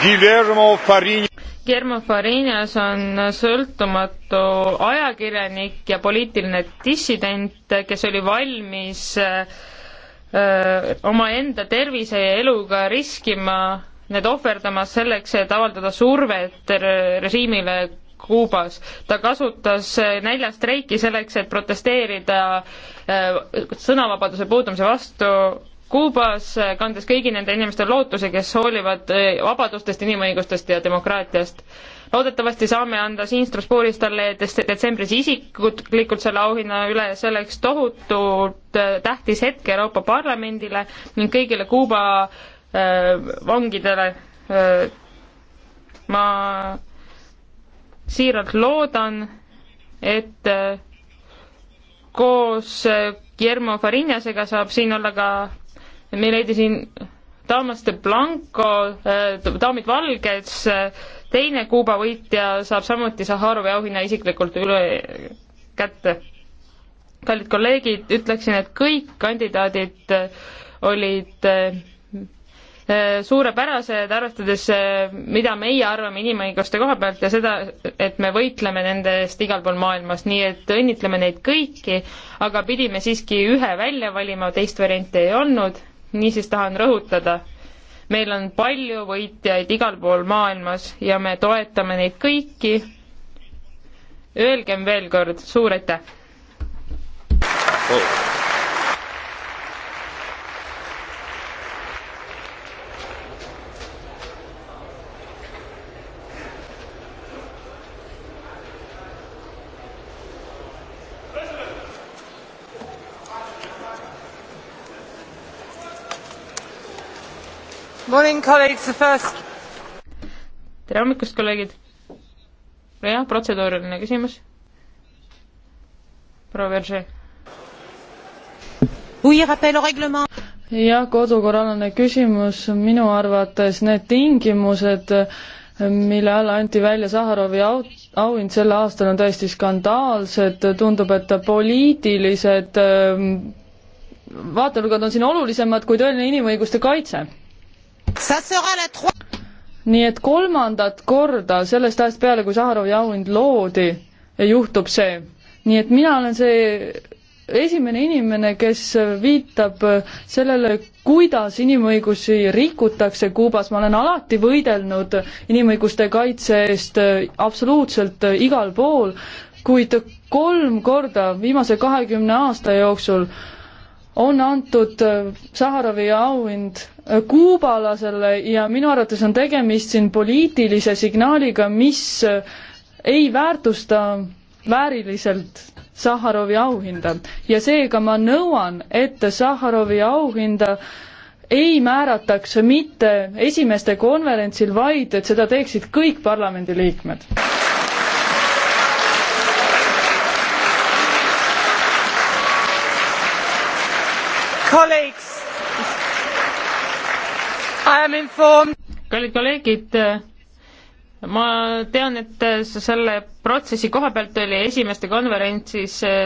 Guillermo Farini. Guillermo Farinas on sõltumatu ajakirjanik ja poliitiline dissident, kes oli valmis öö, äh, omaenda tervise ja eluga riskima, need ohverdama selleks, et avaldada survet režiimile Kuubas. ta kasutas äh, näljastreiki selleks, et protesteerida öö, äh, sõnavabaduse puudumise vastu Kuubas, eh, kandes kõigi nende inimeste lootuse, kes hoolivad eh, vabadustest, inimõigustest ja demokraatiast. loodetavasti saame anda siin Strasbourgis talle detsembris isiklikult selle auhinna üle, see oleks tohutult eh, tähtis hetk Euroopa Parlamendile ning kõigile Kuuba äh, vangidele äh,. ma siiralt loodan, et äh, koos Guillermo Farinasega saab siin olla ka meil leidi siin taamlaste Blanco, äh, daamid Valges, äh, teine Kuuba võitja saab samuti Saharovi auhinna isiklikult üle kätte. kallid kolleegid, ütleksin, et kõik kandidaadid äh, olid suurepärased, arvestades, mida meie arvame inimõiguste koha pealt ja seda, et me võitleme nende eest igal pool maailmas, nii et õnnitleme neid kõiki, aga pidime siiski ühe välja valima, teist varianti ei olnud niisiis tahan rõhutada, meil on palju võitjaid igal pool maailmas ja me toetame neid kõiki. Öelgem veel kord suur aitäh oh.! tere hommikust, kolleegid! jah, protseduuriline küsimus. proua Verge. jah, kodukorralane küsimus, minu arvates need tingimused, mille alla anti välja Saharovi auhind sel aastal, on täiesti skandaalsed, tundub, et poliitilised ähm, vaatenurgad on siin olulisemad kui tõeline inimõiguste kaitse nii et kolmandat korda sellest ajast peale, kui Saharovi auhind loodi, juhtub see. nii et mina olen see esimene inimene, kes viitab sellele, kuidas inimõigusi rikutakse Kuubas, ma olen alati võidelnud inimõiguste kaitse eest absoluutselt igal pool, kuid kolm korda viimase kahekümne aasta jooksul äh, on antud äh, Saharovi auhind äh, kuubalasele ja minu arvates on tegemist siin poliitilise signaaliga, mis äh, ei väärtusta vääriliselt Saharovi auhinda ja seega ma nõuan, et Saharovi auhinda ei määrataks mitte esimeste konverentsil, vaid et seda teeksid kõik parlamendiliikmed. kallid kolleegid, ma tean, et selle protsessi koha pealt oli esimeste konverentsis eh,